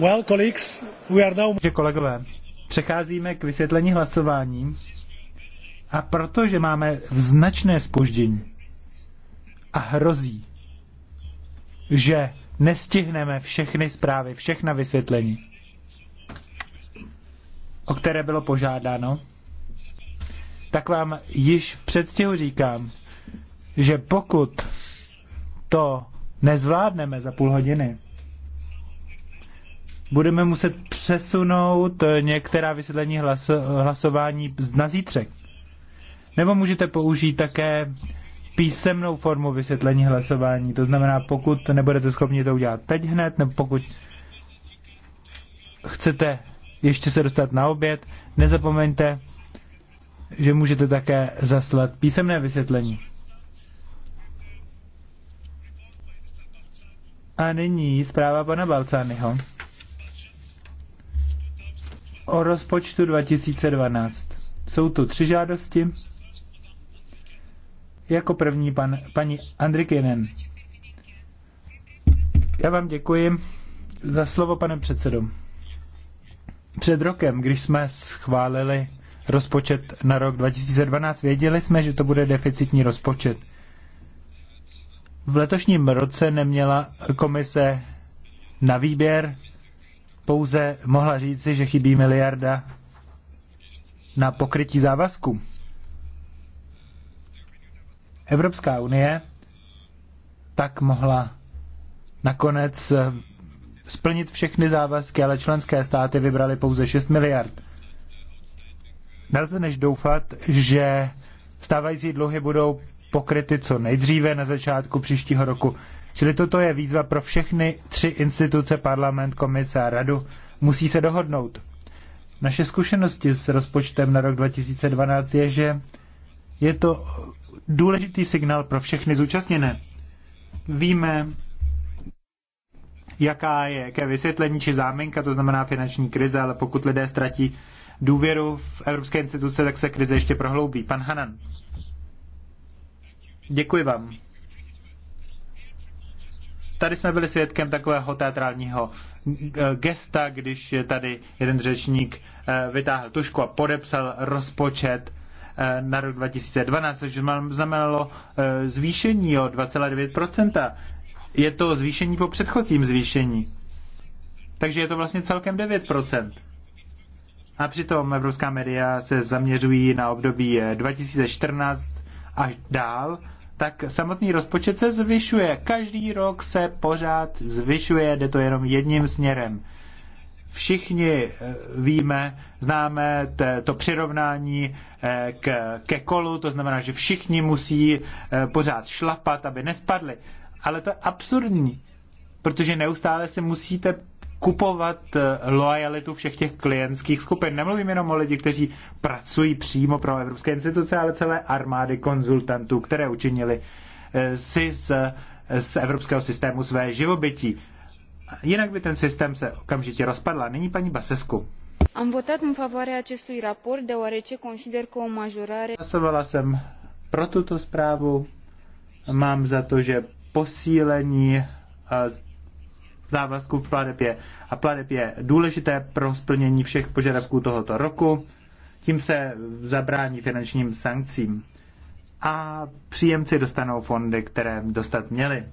Well, colleagues, we are now... Kolegové, přecházíme k vysvětlení hlasování a protože máme značné spoždění a hrozí, že nestihneme všechny zprávy, všechna vysvětlení, o které bylo požádáno, tak vám již v předstihu říkám, že pokud to nezvládneme za půl hodiny, budeme muset přesunout eh, některá vysvětlení hlas, eh, hlasování na zítřek. Nebo můžete použít také písemnou formu vysvětlení hlasování. To znamená, pokud nebudete schopni to udělat teď hned, nebo pokud chcete ještě se dostat na oběd, nezapomeňte, že můžete také zaslat písemné vysvětlení. A nyní zpráva pana Balcányho o rozpočtu 2012. Jsou tu tři žádosti. Jako první pan, paní Andrikinen. Já vám děkuji za slovo, pane předsedo. Před rokem, když jsme schválili rozpočet na rok 2012, věděli jsme, že to bude deficitní rozpočet. V letošním roce neměla komise na výběr pouze mohla říci, že chybí miliarda na pokrytí závazku. Evropská unie tak mohla nakonec eh, splnit všechny závazky, ale členské státy vybrali pouze 6 miliard. Nelze než doufat, že stávající dluhy budou pokryty co nejdříve na začátku příštího roku. Čili toto je výzva pro všechny tři instituce, parlament, komise a radu, musí se dohodnout. Naše zkušenosti s rozpočtem na rok 2012 je, že je to důležitý signál pro všechny zúčastněné. Víme, jaká je, jaké vysvětlení či záminka, to znamená finanční krize, ale pokud lidé ztratí důvěru v evropské instituce, tak se krize ještě prohloubí. Pan Hanan. Děkuji vám. Tady jsme byli svědkem takového teatrálního eh, gesta, když tady jeden řečník eh, vytáhl tušku a podepsal rozpočet eh, na rok 2012, což znamenalo zvýšení o 2,9%. Je to zvýšení po předchozím zvýšení. Takže je to vlastně celkem 9%. A přitom evropská média se zaměřují na období 2014 až dál tak samotný rozpočet se zvyšuje. Každý rok se pořád zvyšuje, jde to jenom jedním směrem. Všichni eh, víme, známe to přirovnání eh, k, ke kolu, to znamená, že všichni musí eh, pořád šlapat, aby nespadli. Ale to je absurdní, protože neustále si musíte kupovat eh, lojalitu všech těch klientských skupin. Nemluvím jenom o lidi, kteří pracují přímo pro evropské instituce, ale celé armády konzultantů, které učinili eh, si z, z evropského systému své živobytí. Jinak by ten systém se okamžitě rozpadl. A nyní paní Basesku. Am votat în favoarea acestui raport, deoarece consider că o majorare... Hlasovala jsem pro tuto zprávu. Mám za to, že posílení eh, závazků pladeb je, a pladeb je důležité pro splnění všech požadavků tohoto roku. Tím se zabrání finančním sankcím a příjemci dostanou fondy, které dostat měli.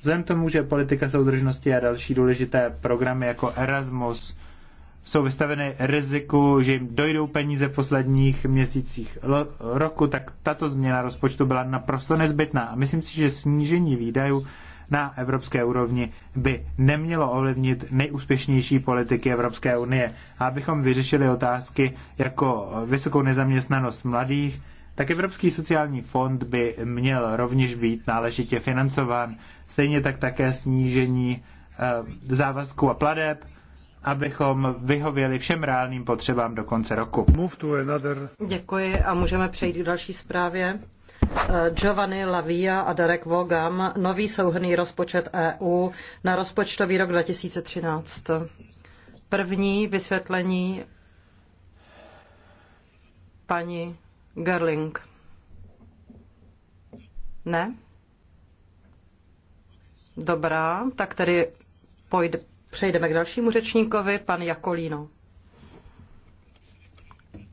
Vzhledem tomu, že politika soudržnosti a další důležité programy jako Erasmus jsou vystaveny riziku, že jim dojdou peníze v posledních měsících roku, tak tato změna rozpočtu byla naprosto nezbytná. A myslím si, že snížení výdajů na evropské úrovni by nemělo ovlivnit nejúspěšnější politiky Evropské unie. A abychom vyřešili otázky jako vysokou nezaměstnanost mladých, tak Evropský sociální fond by měl rovněž být náležitě financován, stejně tak také snížení eh, závazků a pladeb, abychom vyhověli všem reálným potřebám do konce roku. Děkuji a můžeme přejít k další zprávě. Giovanni Lavia a Derek Vogam nový souhrný rozpočet EU na rozpočtový rok 2013. První vysvětlení paní Gerling. Ne? Dobrá, tak tedy pojde, přejdeme k dalšímu řečníkovi, pan Jakolino.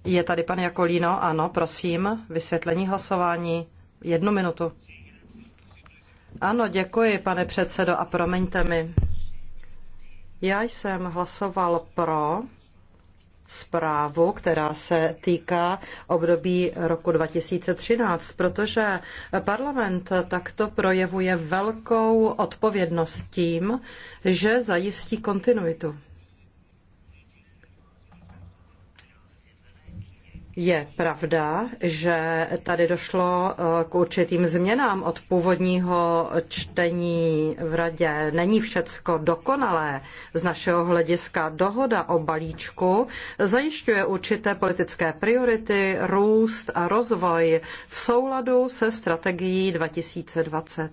Je tady pan Jakolíno, ano, prosím, vysvětlení hlasování, jednu minutu. Ano, děkuji, pane předsedo, a promiňte mi. Já jsem hlasoval pro zprávu, která se týká období roku 2013, protože parlament takto projevuje velkou odpovědnost tím, že zajistí kontinuitu. Je pravda, že tady došlo eh, k určitým změnám od původního čtení v radě. Není všecko dokonalé. Z našeho hlediska dohoda o balíčku zajišťuje určité politické priority, růst a rozvoj v souladu se strategií 2020.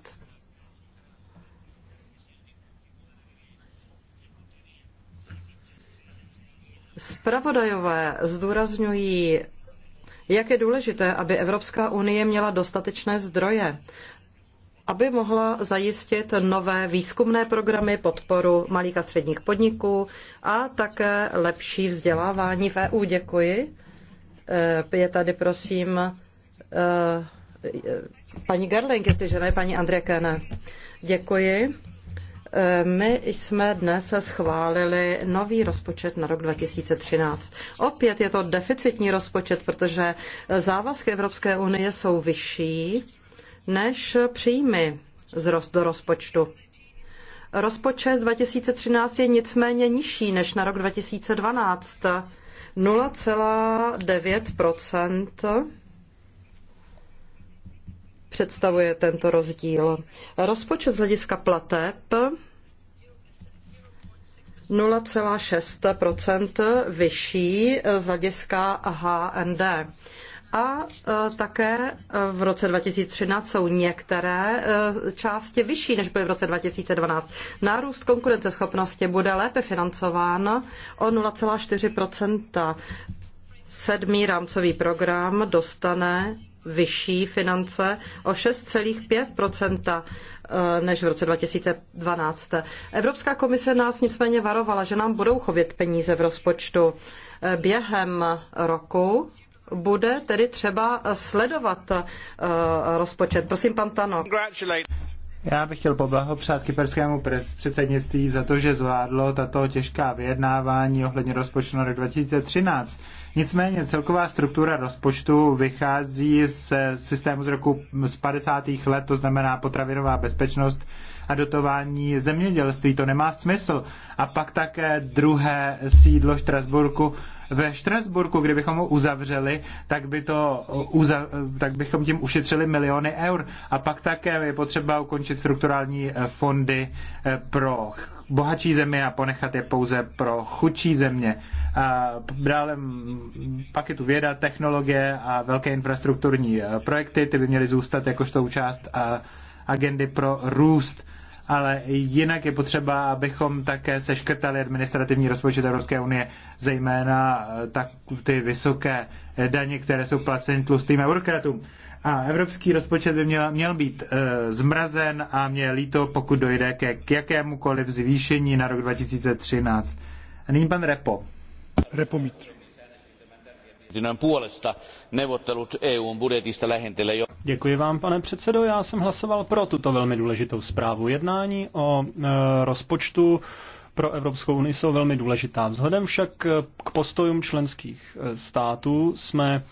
Spravodajové zdůrazňují jak je důležité, aby Evropská unie měla dostatečné zdroje, aby mohla zajistit nové výzkumné programy, podporu malých a středních podniků a také lepší vzdělávání v EU. Děkuji. Eh, je tady, prosím, eh, paní Gerling, jestliže ne, paní André Kene. Děkuji my jsme dnes schválili nový rozpočet na rok 2013. Opět je to deficitní rozpočet, protože závazky Evropské unie jsou vyšší než příjmy do rozpočtu. Rozpočet 2013 je nicméně nižší než na rok 2012. 0,9 představuje tento rozdíl. Rozpočet z hlediska plateb 0,6 vyšší z hlediska HND. A e, také v roce 2013 jsou některé e, části vyšší, než byly v roce 2012. Nárůst konkurenceschopnosti bude lépe financován o 0,4 Sedmý rámcový program dostane vyšší finance o 6,5 eh, než v roce 2012. Evropská komise nás nicméně varovala, že nám budou chovět peníze v rozpočtu eh, během roku bude tedy třeba sledovat eh, rozpočet. Prosím, pan Tano. Já bych chtěl poblahopřát kyperskému předsednictví za to, že zvládlo tato těžká vyjednávání ohledně rozpočtu na rok 2013. Nicméně celková struktura rozpočtu vychází z systému z roku z 50. let, to znamená potravinová bezpečnost, a dotování zemědělství. To nemá smysl. A pak také druhé sídlo Štrasburku. Ve Štrasburku, kdybychom ho uzavřeli, tak, by to uh, uh, tak bychom tím ušetřili miliony eur. A pak také je potřeba ukončit strukturální eh, fondy eh, pro bohatší země a ponechat je pouze pro chudší země. A dále mm, pak je tu věda, technologie a velké infrastrukturní eh, projekty, ty by měly zůstat jako část agendy pro růst. Ale jinak je potřeba, abychom také seškrtali administrativní rozpočet Evropské unie, zejména eh, tak ty vysoké daně, které jsou placeny tlustým eurokratům. A evropský rozpočet by měl, měl být e, zmrazen a mě líto, pokud dojde ke, k jakémukoliv zvýšení na rok 2013. A nyní pan Repo. Repo Mitr mietinnön puolesta neuvottelut e n budjetista lähentelee jo. Děkuji vám, pane předsedo. Já jsem hlasoval pro tuto velmi důležitou zprávu. Jednání o e, rozpočtu pro Evropskou unii jsou velmi důležitá. Vzhledem však k postojům členských e, států jsme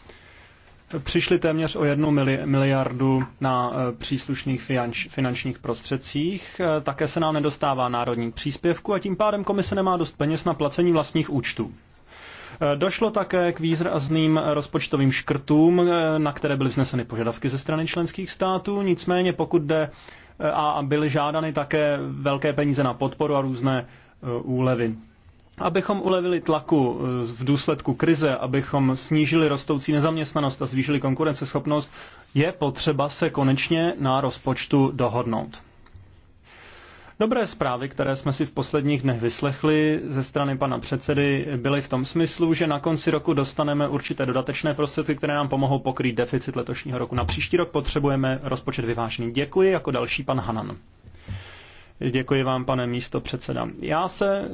přišli téměř o jednu miliardu na e, příslušných finančních prostředcích. Také se nám nedostává národní příspěvku a tím pádem komise nemá dost peněz na placení vlastních účtů. Došlo také k výrazným rozpočtovým škrtům, na které byly vzneseny požadavky ze strany členských států, nicméně pokud jde a byly žádany také velké peníze na podporu a různé e, úlevy. Abychom ulevili tlaku e, v důsledku krize, abychom snížili rostoucí nezaměstnanost a zvýšili konkurenceschopnost, je potřeba se konečně na rozpočtu dohodnout. Dobré zprávy, které jsme si v posledních dnech vyslechli ze strany pana předsedy, byly v tom smyslu, že na konci roku dostaneme určité dodatečné prostředky, které nám pomohou pokrýt deficit letošního roku. Na příští rok potřebujeme rozpočet vyvážený. Děkuji, jako další pan Hanan. Děkuji vám, pane místo předseda. Já se, eh,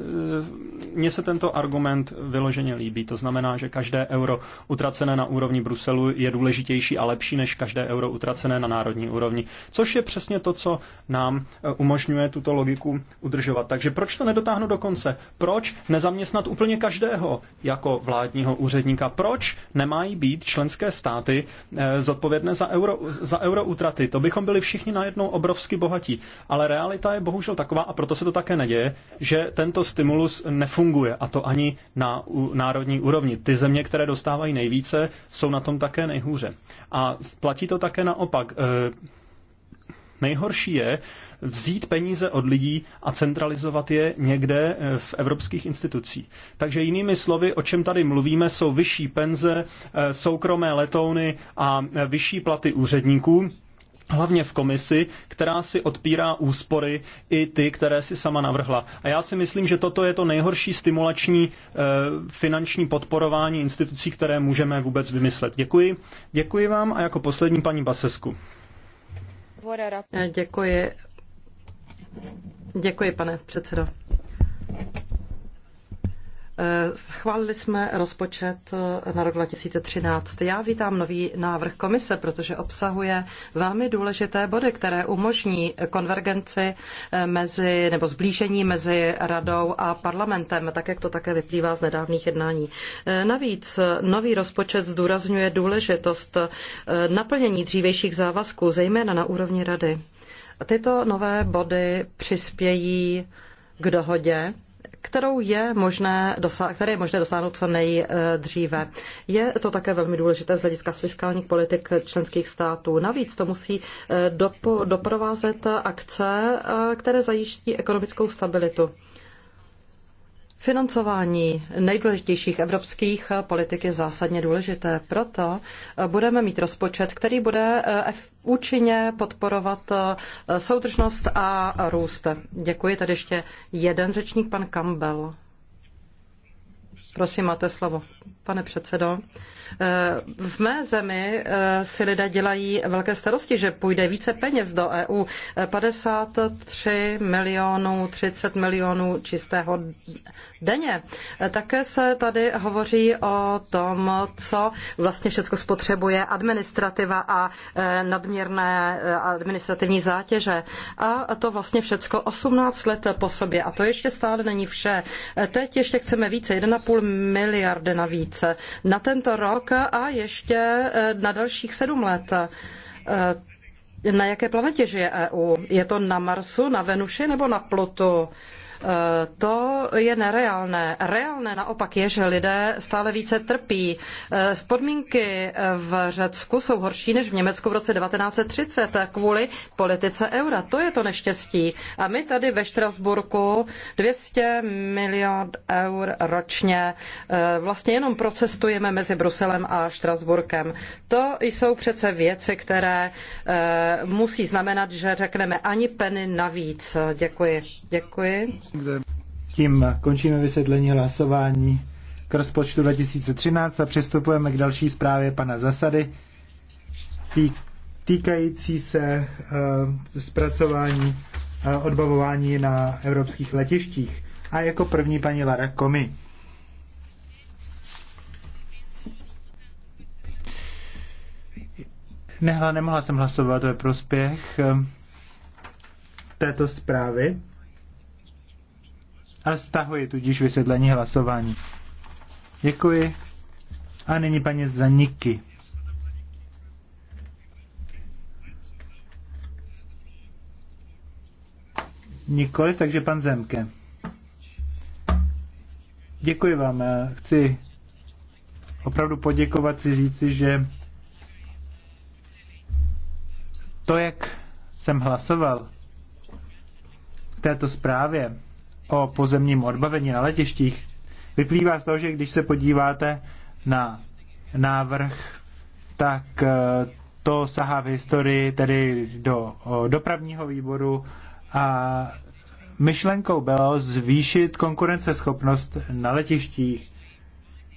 mně se tento argument vyloženě líbí. To znamená, že každé euro utracené na úrovni Bruselu je důležitější a lepší než každé euro utracené na národní úrovni. Což je přesně to, co nám eh, umožňuje tuto logiku udržovat. Takže proč to nedotáhnout do konce? Proč nezaměstnat úplně každého jako vládního úředníka? Proč nemají být členské státy eh, zodpovědné za euro, za euro utraty? To bychom byli všichni najednou obrovsky bohatí. Ale realita je bohu bohužel taková, a proto se to také neděje, že tento stimulus nefunguje, a to ani na národní úrovni. Ty země, které dostávají nejvíce, jsou na tom také nejhůře. A platí to také naopak. E, nejhorší je vzít peníze od lidí a centralizovat je někde e, v evropských institucích. Takže jinými slovy, o čem tady mluvíme, jsou vyšší penze, e, soukromé letouny a vyšší platy úředníků hlavně v komisi, která si odpírá úspory i ty, které si sama navrhla. A já si myslím, že toto je to nejhorší stimulační e, finanční podporování institucí, které můžeme vůbec vymyslet. Děkuji. Děkuji vám a jako poslední paní Basesku. Děkuji. Děkuji, pane předsedo. Eh, schválili jsme rozpočet eh, na rok 2013. Já vítám nový návrh komise, protože obsahuje velmi důležité body, které umožní konvergenci eh, mezi, nebo zblížení mezi radou a parlamentem, tak jak to také vyplývá z nedávných jednání. Navíc nový rozpočet zdůrazňuje důležitost naplnění dřívějších závazků, zejména na úrovni rady. Tyto nové body přispějí k dohodě, kterou je možné dosáhnout, které je možné dosáhnout co nejdříve. Je to také velmi důležité z hlediska fiskálních politik členských států. Navíc to musí eh, doprovázet akce, eh, které zajistí ekonomickou stabilitu. Financování nejdůležitějších evropských politik je zásadně důležité. Proto budeme mít rozpočet, který bude eh, účinně podporovat eh, soudržnost a růst. Děkuji. Tady ještě jeden řečník, pan Campbell. Prosím, máte slovo, pane předsedo. Eh, v mé zemi eh, si lidé dělají velké starosti, že půjde více peněz do EU. 53 eh, milionů, 30 milionů čistého denně. Také se tady hovoří o tom, co vlastně všechno spotřebuje administrativa a nadměrné administrativní zátěže. A to vlastně všechno 18 let po sobě. A to ještě stále není vše. Teď ještě chceme více, 1,5 miliardy navíc na tento rok a ještě eh, na dalších sedm let. Eh, na jaké planetě žije EU? Je to na Marsu, na Venuši nebo na Plutu? Eh, to je nereálné. Reálné naopak je, že lidé stále více trpí. Eh, podmínky eh, v Řecku jsou horší než v Německu v roce 1930 kvůli politice eura. To je to neštěstí. A my tady ve Štrasburku 200 milionů eur ročně vlastně jenom procestujeme mezi Bruselem a Štrasburkem. To jsou přece věci, které musí znamenat, že řekneme ani peny navíc. Děkuji. Děkuji. Tím končíme vysvětlení hlasování k rozpočtu 2013 a přistupujeme k další zprávě pana Zasady týkající se uh, zpracování uh, odbavování na evropských letištích. A jako první paní Lara Komi. Nehla, nemohla jsem hlasovat ve prospěch eh, této zprávy a stahuji tudíž vysvětlení hlasování. Děkuji. A nyní paní Zaniky. Nikoli, takže pan Zemke. Děkuji vám. Chci opravdu poděkovat si říci, že to, jak jsem hlasoval v této zprávě, o pozemním odbavení na letištích, vyplývá z toho, že když se podíváte na návrh, tak eh, to sahá v historii tedy do dopravního výboru a myšlenkou bylo zvýšit konkurenceschopnost na letištích,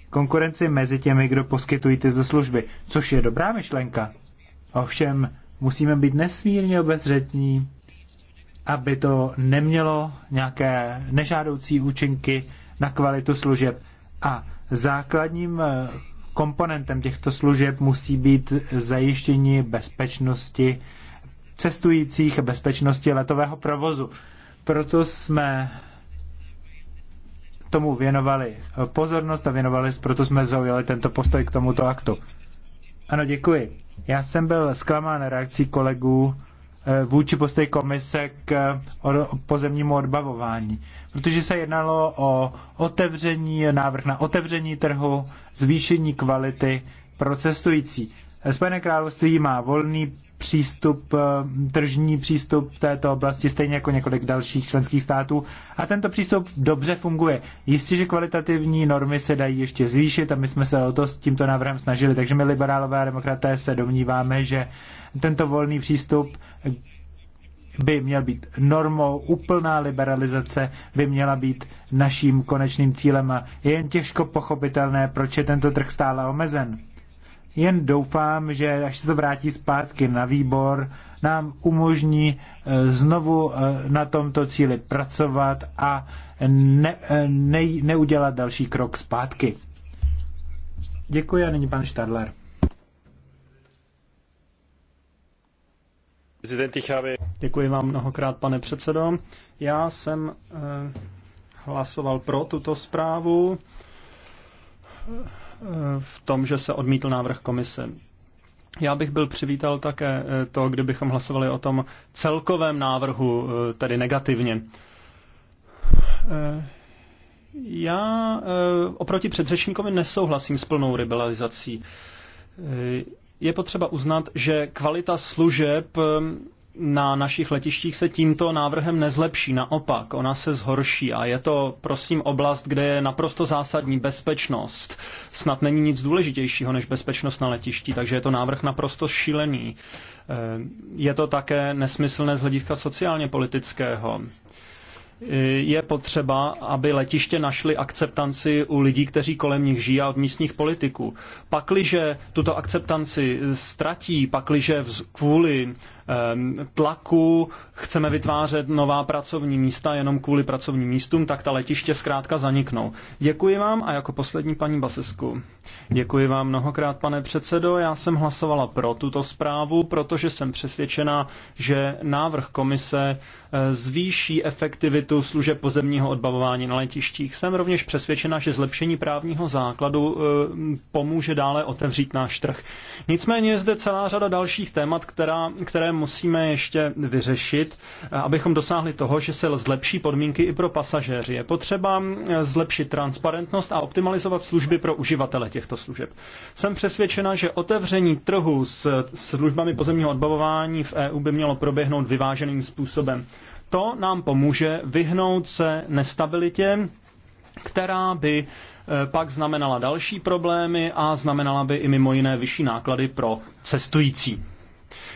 konkurenci mezi těmi, kdo poskytují tyto služby, což je dobrá myšlenka. Ovšem, musíme být nesmírně obezřetní, aby to nemělo nějaké nežádoucí účinky na kvalitu služeb. A základním eh, komponentem těchto služeb musí být zajištění bezpečnosti cestujících a bezpečnosti letového provozu. Proto jsme tomu věnovali pozornost a věnovali, proto jsme zaujali tento postoj k tomuto aktu. Ano, děkuji. Já jsem byl zklamán reakcí kolegů, Eh, vůči postoji komise k eh, pozemnímu odbavování. Protože se jednalo o otevření, návrh na otevření trhu, zvýšení kvality pro cestující. Spojené království má volný přístup, eh, tržní přístup v této oblasti, stejně jako několik dalších členských států. A tento přístup dobře funguje. Jistě, že kvalitativní normy se dají ještě zvýšit a my jsme se o to s tímto návrhem snažili. Takže my liberálové a demokraté se domníváme, že tento volný přístup by měl být normou, úplná liberalizace by měla být naším konečným cílem a je jen těžko pochopitelné, proč je tento trh stále omezen jen doufám, že až se to vrátí zpátky na výbor, nám umožní eh, znovu eh, na tomto cíli pracovat a ne, eh, ne, neudělat další krok zpátky. Děkuji a nyní pan Stadler. Děkuji vám mnohokrát, pane předsedo. Já jsem hlasoval pro tuto zprávu v tom, že se odmítl návrh komise. Já bych byl přivítal také eh, to, kdybychom hlasovali o tom celkovém návrhu, eh, tedy negativně. Eh, já oproti předřečníkovi nesouhlasím s plnou liberalizací. Je potřeba uznat, že kvalita služeb na našich letištích se tímto návrhem nezlepší, naopak, ona se zhorší a je to, prosím, oblast, kde je naprosto zásadní bezpečnost. Snad není nic důležitějšího než bezpečnost na letišti, takže je to návrh naprosto šílený. Eh, je to také nesmyslné z hlediska sociálně politického eh, je potřeba, aby letiště našly akceptanci u lidí, kteří kolem nich žijí a od místních politiků. Pakliže tuto akceptanci ztratí, pakliže kvůli Ehm, tlaku, chceme vytvářet nová pracovní místa jenom kvůli pracovním místům, tak ta letiště zkrátka zaniknou. Děkuji vám a jako poslední paní Basesku. Děkuji vám mnohokrát, pane předsedo. Já jsem hlasovala pro tuto zprávu, protože jsem přesvědčena, že návrh komise eh, zvýší efektivitu služeb pozemního odbavování na letištích. Jsem rovněž přesvědčena, že zlepšení právního základu eh, pomůže dále otevřít náš trh. Nicméně je zde celá řada dalších témat, která, které musíme ještě vyřešit, abychom dosáhli toho, že se zlepší podmínky i pro pasažéři. Je potřeba zlepšit transparentnost a optimalizovat služby pro uživatele těchto služeb. Jsem přesvědčena, že otevření trhu s službami pozemního odbavování v EU by mělo proběhnout vyváženým způsobem. To nám pomůže vyhnout se nestabilitě, která by eh, pak znamenala další problémy a znamenala by i mimo jiné vyšší náklady pro cestující.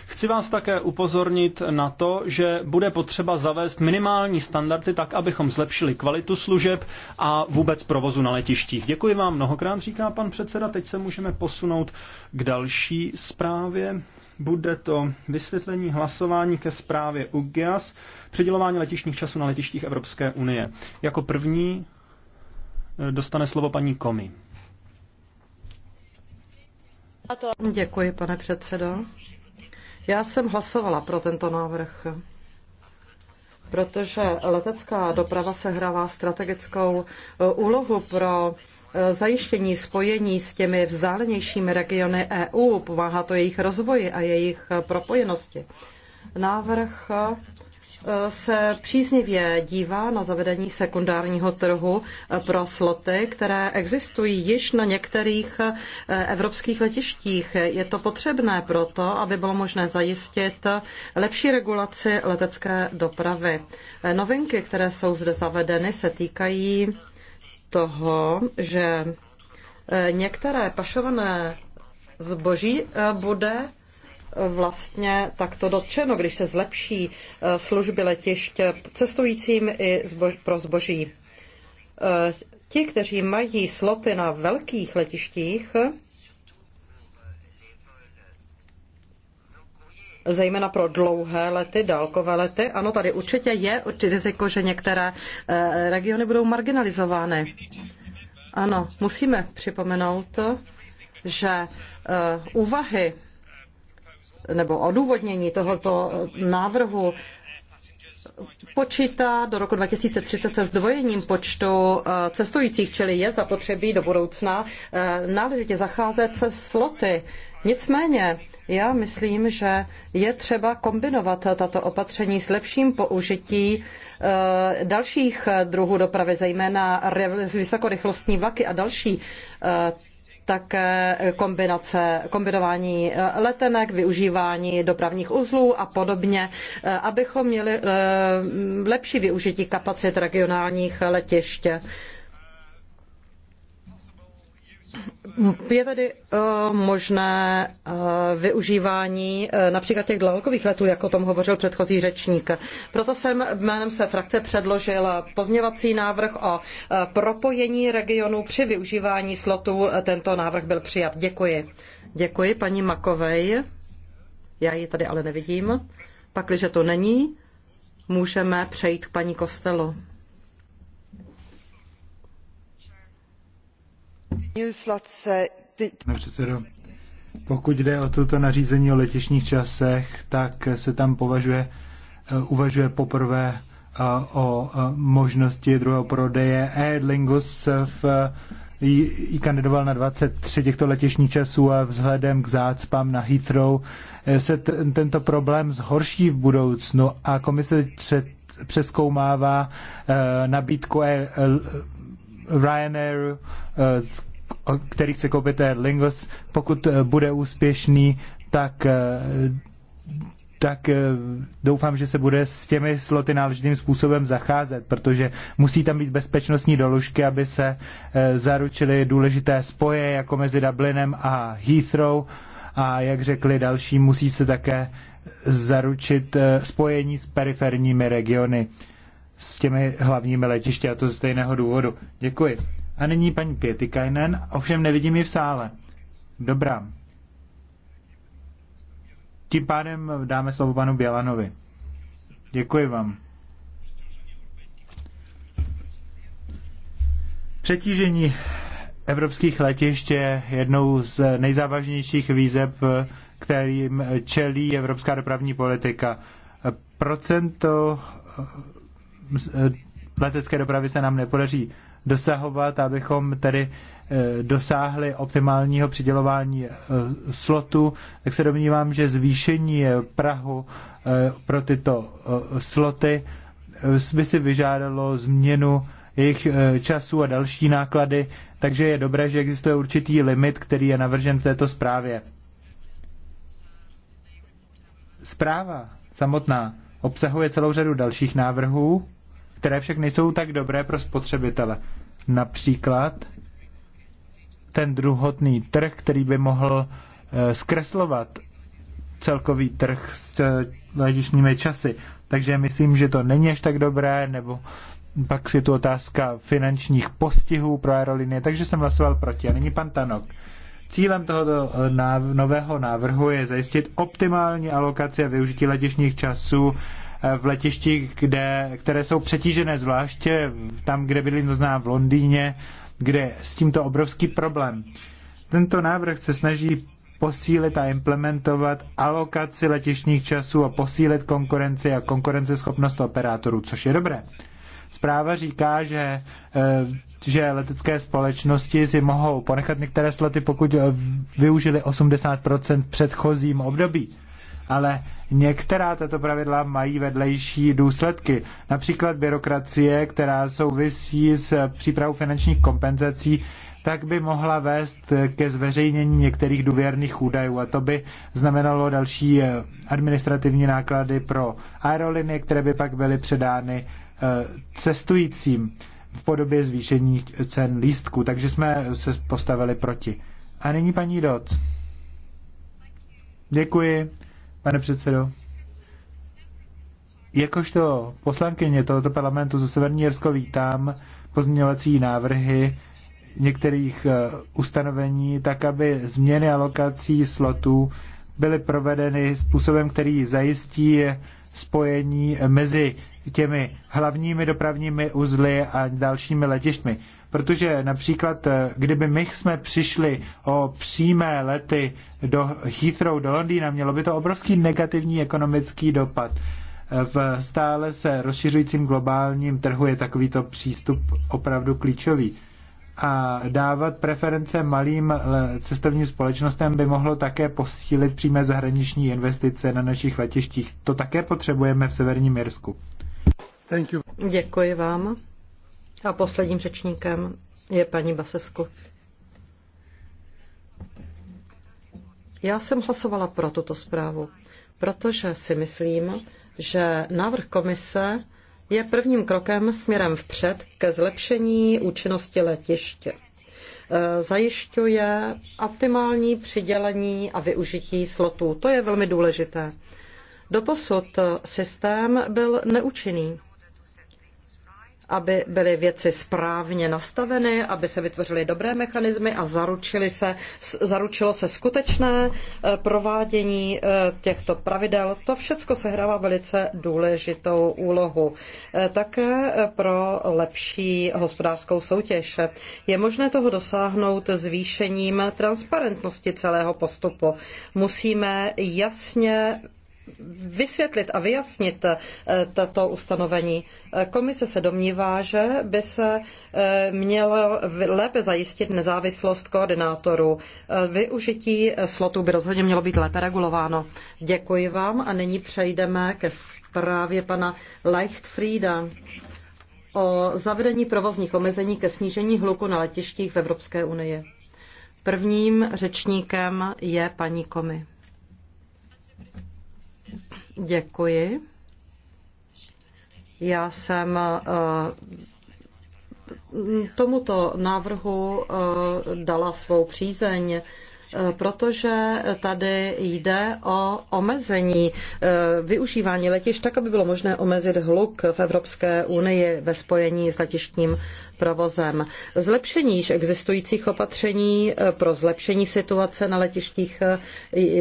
Chci vás také upozornit na to, že bude potřeba zavést minimální standardy tak, abychom zlepšili kvalitu služeb a vůbec provozu na letištích. Děkuji vám mnohokrát, říká pan předseda. Teď se můžeme posunout k další zprávě. Bude to vysvětlení hlasování ke zprávě UGIAS, předělování letišních časů na letištích Evropské unie. Jako první eh, dostane slovo paní Komi. Děkuji, pane předsedo. Já jsem hlasovala pro tento návrh, protože letecká doprava sehrává strategickou e, úlohu pro e, zajištění spojení s těmi vzdálenějšími regiony EU. Pomáhá to jejich rozvoji a jejich e, propojenosti. Návrh se příznivě dívá na zavedení sekundárního trhu pro sloty, které existují již na některých eh, evropských letištích. Je to potřebné proto, aby bylo možné zajistit lepší regulaci letecké dopravy. Eh, novinky, které jsou zde zavedeny, se týkají toho, že eh, některé pašované zboží bude vlastně takto dotčeno, když se zlepší eh, služby letišť cestujícím i zbož, pro zboží. Eh, ti, kteří mají sloty na velkých letištích, zejména pro dlouhé lety, dálkové lety. Ano, tady určitě je určitě riziko, že některé eh, regiony budou marginalizovány. Ano, musíme připomenout, že úvahy nebo odůvodnění tohoto návrhu počítá do roku 2030 se zdvojením počtu eh, cestujících, čili je zapotřebí do budoucna eh, náležitě zacházet se sloty. Nicméně já myslím, že je třeba kombinovat tato opatření s lepším použití eh, dalších druhů dopravy, zejména vysokorychlostní vlaky a další také kombinace, kombinování eh, letenek, využívání dopravních uzlů a podobně, eh, abychom měli eh, lepší využití kapacit regionálních letiště. Je tady eh, možné eh, využívání eh, například těch dlouhokových letů, jako o tom hovořil předchozí řečník. Proto jsem jménem se frakce předložil pozměvací návrh o propojení regionů při využívání slotů. Tento návrh byl přijat. Děkuji. Děkuji paní Makovej. Já ji tady ale nevidím. Pakliže to není, můžeme přejít k paní Kostelo. Pane předsedo, pokud jde o toto nařízení o letišních časech, tak se tam považuje, eh, uvažuje poprvé eh, o eh, možnosti druhého prodeje. Air Lingus v i kandidoval na 23 těchto letišních časů a vzhledem k zácpám na Heathrow se tento problém zhorší v budoucnu a komise před, přeskoumává e, nabídku e, Ryanair z který chce koupit Air Lingus, pokud eh, bude úspěšný, tak eh, tak eh, doufám, že se bude s těmi sloty náležitým způsobem zacházet, protože musí tam být bezpečnostní doložky, aby se zaručily důležité spoje jako mezi Dublinem a Heathrow a jak řekli další, musí se také zaručit spojení s periferními regiony, s těmi hlavními letiště a to z stejného důvodu. Děkuji. A nyní paní Pietikainen, ovšem nevidím ji v sále. Dobrá. Tím pádem dáme slovo panu Bělanovi. Děkuji vám. Přetížení evropských letišť je jednou z nejzávažnějších výzeb, kterým čelí evropská dopravní politika. Procento eh, letecké dopravy se nám nepodaří dosahovat, abychom tedy eh, dosáhli optimálního přidělování eh, slotu, tak se domnívám, že zvýšení eh, Prahu pro tyto sloty by si vyžádalo změnu jejich času a další náklady, takže je dobré, že existuje určitý limit, který je navržen v této zprávě. Zpráva samotná obsahuje celou řadu dalších návrhů, které však nejsou tak dobré pro spotřebitele. Například ten druhotný trh, který by mohl eh, zkreslovat celkový trh s eh, ležišními časy. Takže myslím, že to není až tak dobré, nebo pak si tu otázka finančních postihů pro aerolinie, takže jsem hlasoval proti. A nyní pan Tanok. Cílem tohoto eh, nového návrhu je zajistit optimální alokaci a využití letišních časů v letištích, kde, které jsou přetížené, zvláště tam, kde byli nozná v Londýně, kde s tímto obrovský problém. Tento návrh se snaží posílit a implementovat alokaci letišních časů a posílit konkurenci a konkurenceschopnost operátorů, což je dobré. Zpráva říká, že, eh, že letecké společnosti si mohou ponechat některé slety, pokud eh, využili 80% v předchozím období ale některá tato pravidla mají vedlejší důsledky. Například byrokracie, která souvisí s přípravou finančních kompenzací, tak by mohla vést ke zveřejnění některých důvěrných údajů a to by znamenalo další eh, administrativní náklady pro aerolinie, které by pak byly předány eh, cestujícím v podobě zvýšení cen lístku, takže jsme se postavili proti. A nyní paní Doc. Děkuji pane předsedo. Jakožto poslankyně tohoto parlamentu ze Severní Jirsko vítám pozměňovací návrhy některých eh, ustanovení, tak aby změny alokací slotů byly provedeny způsobem, který zajistí spojení mezi těmi hlavními dopravními uzly a dalšími letištmi. Protože například, eh, kdyby my jsme přišli o přímé lety do Heathrow, do Londýna, mělo by to obrovský negativní ekonomický dopad. Eh, v stále se rozšiřujícím globálním trhu je takovýto přístup opravdu klíčový. A dávat preference malým eh, cestovním společnostem by mohlo také posílit přímé zahraniční investice na našich letištích. To také potřebujeme v Severním Jirsku. Děkuji vám. A posledním řečníkem je paní Basesku. Já jsem hlasovala pro tuto zprávu, protože si myslím, že návrh komise je prvním krokem směrem vpřed ke zlepšení účinnosti letiště. E, zajišťuje optimální přidělení a využití slotů. To je velmi důležité. Doposud systém byl neúčinný aby byly věci správně nastaveny, aby se vytvořily dobré mechanismy a zaručili se, zaručilo se skutečné eh, provádění eh, těchto pravidel. To všechno sehrává velice důležitou úlohu. Eh, také pro lepší hospodářskou soutěž. Je možné toho dosáhnout zvýšením transparentnosti celého postupu. Musíme jasně vysvětlit a vyjasnit eh, tato ustanovení. Eh, komise se domnívá, že by se eh, mělo lépe zajistit nezávislost koordinátorů. Využití slotů by rozhodně mělo být lépe regulováno. Děkuji vám a nyní přejdeme ke zprávě pana Leichtfrieda o zavedení provozních omezení ke snížení hluku na letištích v Evropské unii. Prvním řečníkem je paní Komi. Děkuji. Já jsem eh, tomuto návrhu eh, dala svou přízeň, eh, protože tady jde o omezení využívání letišť tak, aby bylo možné omezit hluk v Evropské unii ve spojení s letištním provozem. Zlepšení již existujících opatření pro zlepšení situace na letištích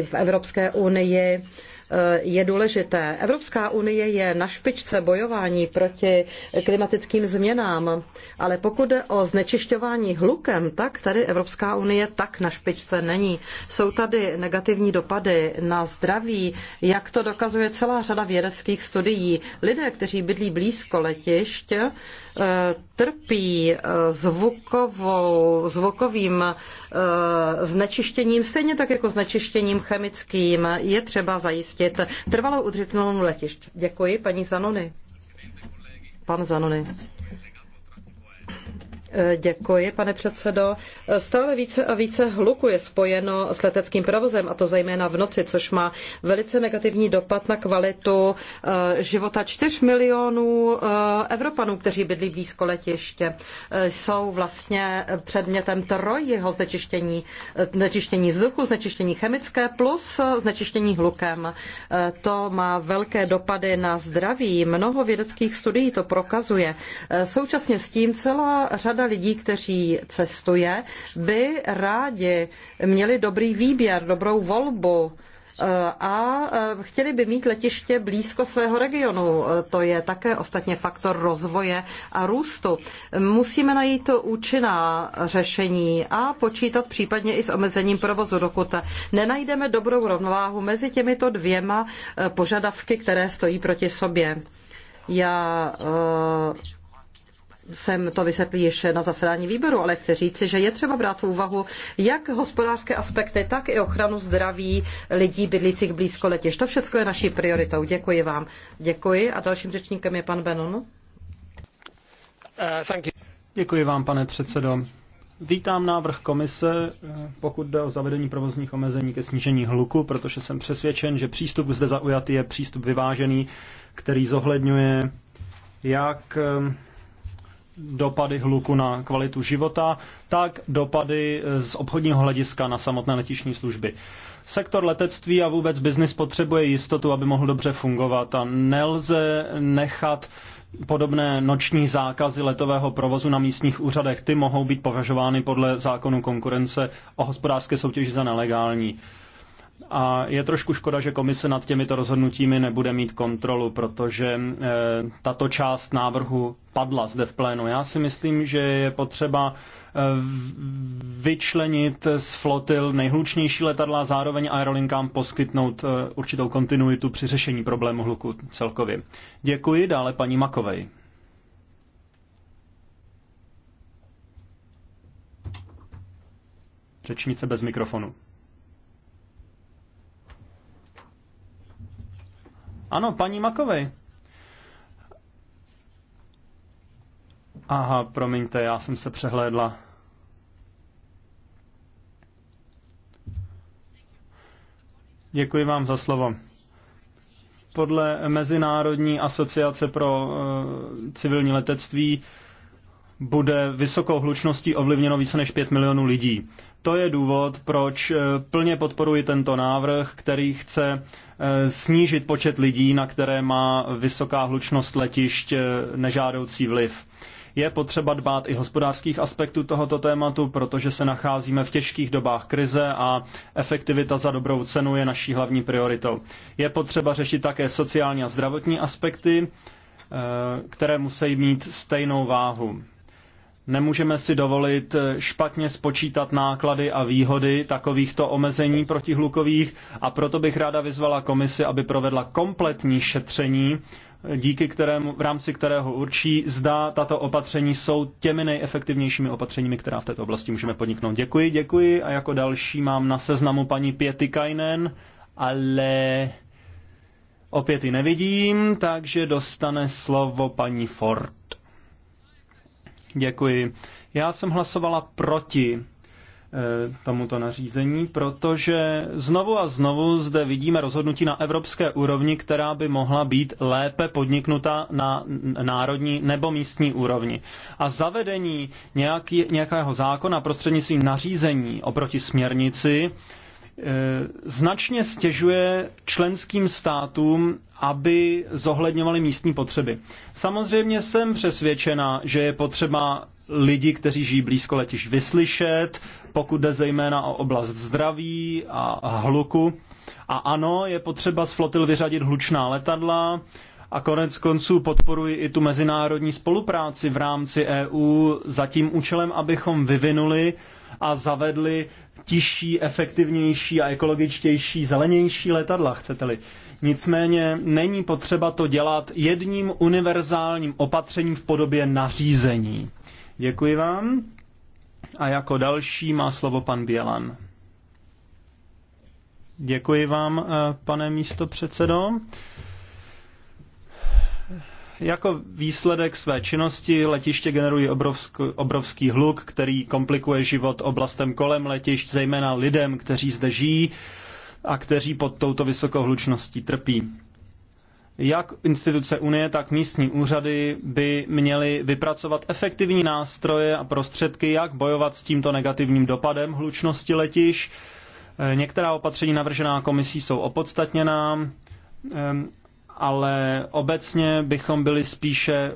v Evropské unii Eh, je důležité. Evropská unie je na špičce bojování proti klimatickým změnám, ale pokud jde o znečišťování hlukem, tak tady Evropská unie tak na špičce není. Jsou tady negativní dopady na zdraví, jak to dokazuje celá řada vědeckých studií. Lidé, kteří bydlí blízko letišť, Eh, trpí eh, zvukovou, zvukovým eh, znečištěním, stejně tak jako znečištěním chemickým, je třeba zajistit trvalou udržitelnou letišť. Děkuji, paní Zanony. Pan Zanony. Děkuji, pane předsedo. Stále více a více hluku je spojeno s leteckým provozem, a to zejména v noci, což má velice negativní dopad na kvalitu eh, života 4 milionů eh, Evropanů, kteří bydlí blízko letiště. Eh, jsou vlastně předmětem trojího znečištění, znečištění vzduchu, znečištění chemické plus znečištění hlukem. To má velké dopady na zdraví. Mnoho vědeckých studií to prokazuje. Současně s tím celá řada řada lidí, kteří cestuje, by rádi měli dobrý výběr, dobrou volbu eh, a eh, chtěli by mít letiště blízko svého regionu. Eh, to je také ostatně faktor rozvoje a růstu. Musíme najít účinná řešení a počítat případně i s omezením provozu, dokud nenajdeme dobrou rovnováhu mezi těmito dvěma požadavky, které stojí proti sobě. Já jsem to vysvětlil již na zasedání výboru, ale chci říci, že je třeba brát v úvahu jak hospodářské aspekty, tak i ochranu zdraví lidí bydlících blízko letišť. To všechno je naší prioritou. Děkuji vám. Děkuji a dalším řečníkem je pan Benon. Uh, thank you. Děkuji vám, pane předsedo. Vítám návrh komise, eh, pokud jde o zavedení provozních omezení ke snížení hluku, protože jsem přesvědčen, že přístup zde zaujatý je přístup vyvážený, který zohledňuje jak eh, dopady hluku na kvalitu života, tak dopady eh, z obchodního hlediska na samotné letišní služby. Sektor letectví a vůbec biznis potřebuje jistotu, aby mohl dobře fungovat a nelze nechat podobné noční zákazy letového provozu na místních úřadech. Ty mohou být považovány podle zákonu konkurence o hospodářské soutěži za nelegální. A je trošku škoda, že komise nad těmito rozhodnutími nebude mít kontrolu, protože eh, tato část návrhu padla zde v plénu. Já si myslím, že je potřeba eh, vyčlenit z flotil nejhlučnější letadla a zároveň aerolinkám poskytnout eh, určitou kontinuitu při řešení problému hluku celkově. Děkuji dále paní Makovej. Řečnice bez mikrofonu. Ano, paní Makovej. Aha, promiňte, já jsem se přehlédla. Děkuji vám za slovo. Podle Mezinárodní asociace pro eh, civilní letectví bude vysokou hlučností ovlivněno více než 5 milionů lidí. To je důvod, proč eh, plně podporuji tento návrh, který chce eh, snížit počet lidí, na které má vysoká hlučnost letišť eh, nežádoucí vliv. Je potřeba dbát i hospodářských aspektů tohoto tématu, protože se nacházíme v těžkých dobách krize a efektivita za dobrou cenu je naší hlavní prioritou. Je potřeba řešit také sociální a zdravotní aspekty, které musí mít stejnou váhu. Nemůžeme si dovolit eh, špatně spočítat náklady a výhody takovýchto omezení protihlukových a proto bych ráda vyzvala komisi, aby provedla kompletní šetření, eh, díky kterému, v rámci kterého určí, zda tato opatření jsou těmi nejefektivnějšími opatřeními, která v této oblasti můžeme podniknout. Děkuji, děkuji a jako další mám na seznamu paní Pěty Kajnen, ale opět ji nevidím, takže dostane slovo paní Ford. Děkuji. Já jsem hlasovala proti eh, tomuto nařízení, protože znovu a znovu zde vidíme rozhodnutí na evropské úrovni, která by mohla být lépe podniknuta na národní nebo místní úrovni. A zavedení nějaký, nějakého zákona prostřednictvím nařízení oproti směrnici Eh, značně stěžuje členským státům, aby zohledňovali místní potřeby. Samozřejmě jsem přesvědčena, že je potřeba lidi, kteří žijí blízko letiš, vyslyšet, pokud jde zejména o oblast zdraví a hluku. A ano, je potřeba z flotil vyřadit hlučná letadla, a konec konců podporuji i tu mezinárodní spolupráci v rámci EU za tím účelem, abychom vyvinuli a zavedli tižší, efektivnější a ekologičtější, zelenější letadla, chcete-li. Nicméně není potřeba to dělat jedním univerzálním opatřením v podobě nařízení. Děkuji vám. A jako další má slovo pan Bělan. Děkuji vám, eh, pane místo předsedo. Jako výsledek své činnosti letiště generují obrovský, obrovský hluk, který komplikuje život oblastem kolem letišť, zejména lidem, kteří zde žijí a kteří pod touto vysokou hlučností trpí. Jak instituce Unie, tak místní úřady by měly vypracovat efektivní nástroje a prostředky, jak bojovat s tímto negativním dopadem hlučnosti letiš. Některá opatření navržená komisí jsou opodstatněná ehm, ale obecně bychom byli spíše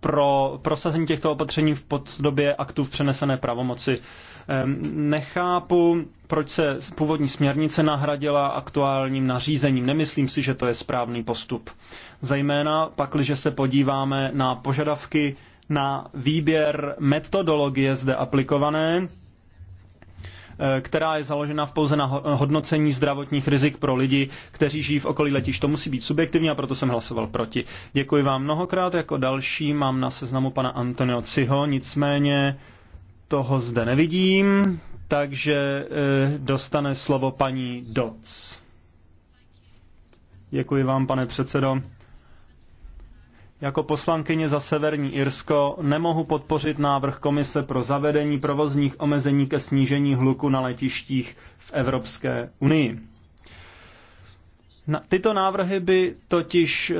pro prosazení těchto opatření v podobě aktů v přenesené pravomoci. Ehm, nechápu, proč se původní směrnice nahradila aktuálním nařízením. Nemyslím si, že to je správný postup. Zejména pak, když se podíváme na požadavky na výběr metodologie zde aplikované, Eh, která je založena v pouze na hodnocení zdravotních rizik pro lidi, kteří žijí v okolí letišť. To musí být subjektivní a proto jsem hlasoval proti. Děkuji vám mnohokrát. Jako další mám na seznamu pana Antonio Ciho, nicméně toho zde nevidím, takže eh, dostane slovo paní Doc. Děkuji vám, pane předsedo. Jako poslankyně za Severní Irsko nemohu podpořit návrh Komise pro zavedení provozních omezení ke snížení hluku na letištích v Evropské unii. Na, tyto návrhy by totiž e,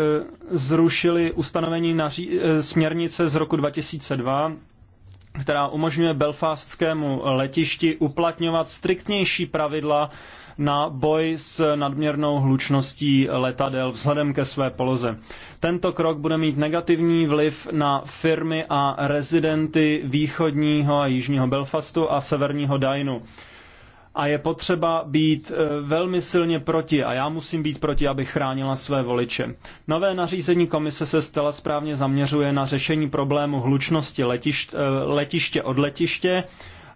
zrušily ustanovení naří, e, směrnice z roku 2002 která umožňuje belfastskému letišti uplatňovat striktnější pravidla na boj s nadměrnou hlučností letadel vzhledem ke své poloze. Tento krok bude mít negativní vliv na firmy a rezidenty východního a jižního Belfastu a severního Dainu a je potřeba být eh, velmi silně proti a já musím být proti, abych chránila své voliče. Nové nařízení komise se stela správně zaměřuje na řešení problému hlučnosti eh, letiště od letiště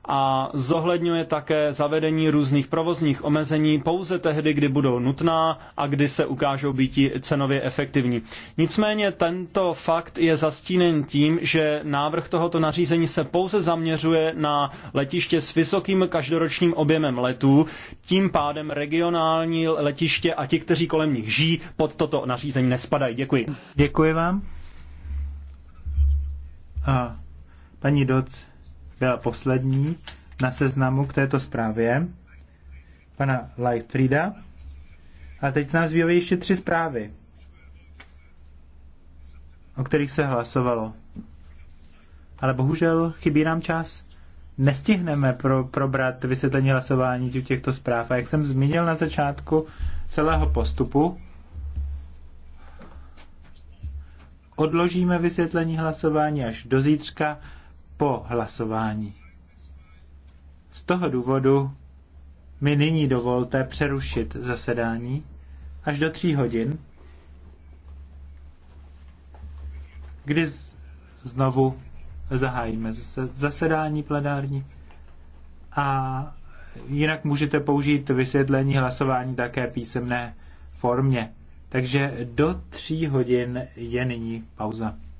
a zohledňuje také zavedení různých provozních omezení pouze tehdy, kdy budou nutná a kdy se ukážou být cenově efektivní. Nicméně tento fakt je zastínen tím, že návrh tohoto nařízení se pouze zaměřuje na letiště s vysokým každoročním objemem letů, tím pádem regionální letiště a ti, kteří kolem nich žijí, pod toto nařízení nespadají. Děkuji. Děkuji vám. A paní Doc byla poslední na seznamu k této zprávě pana Lightfrida. A teď z nás vyjoví ještě tři zprávy, o kterých se hlasovalo. Ale bohužel chybí nám čas. Nestihneme pro, probrat vysvětlení hlasování těchto zpráv. A jak jsem zmínil na začátku celého postupu, odložíme vysvětlení hlasování až do zítřka po hlasování. Z toho důvodu mi nyní dovolte přerušit zasedání až do tří hodin, kdy znovu zahájíme zasedání plenární a jinak můžete použít vysvětlení hlasování také písemné formě. Takže do tří hodin je nyní pauza.